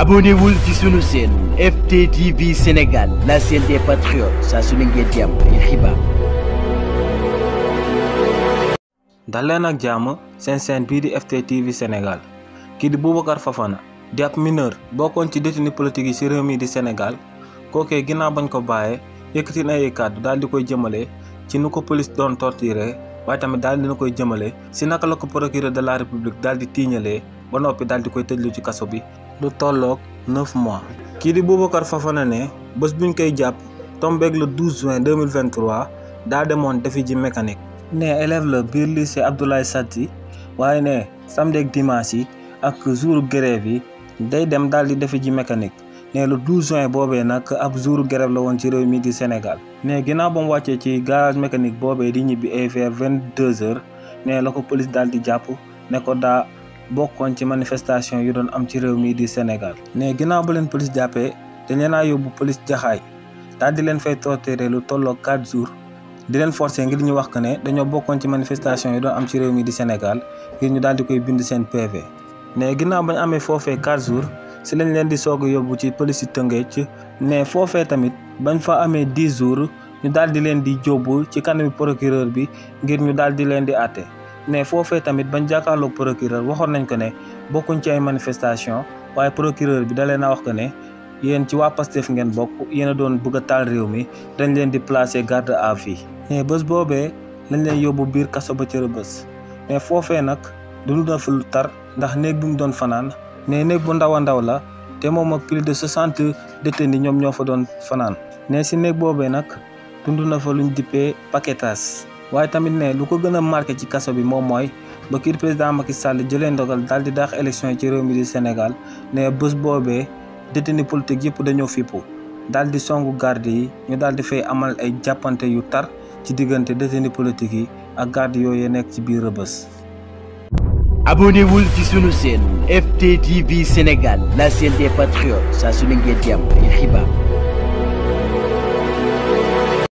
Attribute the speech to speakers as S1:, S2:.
S1: abonnez-wul sur notre chaîne FTTV Sénégal la chaîne des patriotes saa su ne ngeen di am ay xibaar. dal leen ak jàmm seen chaîne bii di FTTV Sénégal kii di Boubacar Fofana mineur Sénégal kookee ginnaaw bañ ko bàyyee yëkkati na ay de daal di koy jëmale ci nu ko police doon torturé waaye tamit daal dina koy jëmale si naka la ko procureur de la république di ba noppi di koy ci bi lu tolloog 9 mois kii di Boubacar Fofana ne bés buñ koy jàpp tombeeg le 12 juin 2023 daa demoon defi ji mécanique ne élève la biir lycée Abdoulaye Sadji waaye ne samedi ak yi ak jour grève yi day dem daal di defi ji mécanique ne le 12 juin boobee nag ab jour grève la woon ci réew mi di Sénégal ne ginnaaw ba mu wàccee ci garage mécanique boobee di ñibbi ay vers 22 heures ne la ko polis daal di jàpp ne ko daa bokkoon ci manifestation yu doon am ci réew mii di Sénégal ne ginnaaw ba leen police jàppee dañ leen a yóbbu police jaxaay daal di leen fay torturer lu tolloo 4 jours di leen forcer ngir ñu wax que ne dañoo bokkoon ci manifestation yu doon am ci réew mi di Sénégal ngir ñu daal di koy bind seen PV ne ginnaaw ba ñu amee foofee 4 jours ci lañ leen di soog a yóbbu ci police yi Tëngéej ne foofee tamit bañ fa amee 10 jours ñu daal di leen di jóbbu ci kanami procureur bi ngir ñu daal di leen di àtte. mais foofee tamit bañ jàkkaarloog procureur waxoon nañ ko ne bokkuñ ci ay manifestation waaye procureur bi da leen a wax ko ne yéen ci waa Pastef ngeen bokk yéen a doon bëgg a taal réew mi dañ leen di placer garde à vue mais bés boobee lañ leen yóbbu biir kaso ba cër bés mais foofee nag dund na fa lu tar ndax néeg bi doon fanaan ne néeg bu ndaw a ndaw la te moom ak plus de soixante détenus ñoom ñoo fa doon fanaan ne si néeg boobee nag dund na fa luñ dippee paquetage waaye tamit ne lu ko gën a marqué ci kaso bi moom mooy ba kii président Macky Sall jëlee ndogal daal di daax élection ci réew mi di Sénégal ne bés boobee détenu politique yëpp dañoo fippu daal di songu garde yi ñu daal di fay amal ay jàppante yu tar ci diggante détenu politique yi ak garde yooyu nekk ci biir Rebeuss. abonnez-vous ci sunu chaîne FTTV Sénégal la chaîne des patriotes saa su ne ngeen di ay xibaar.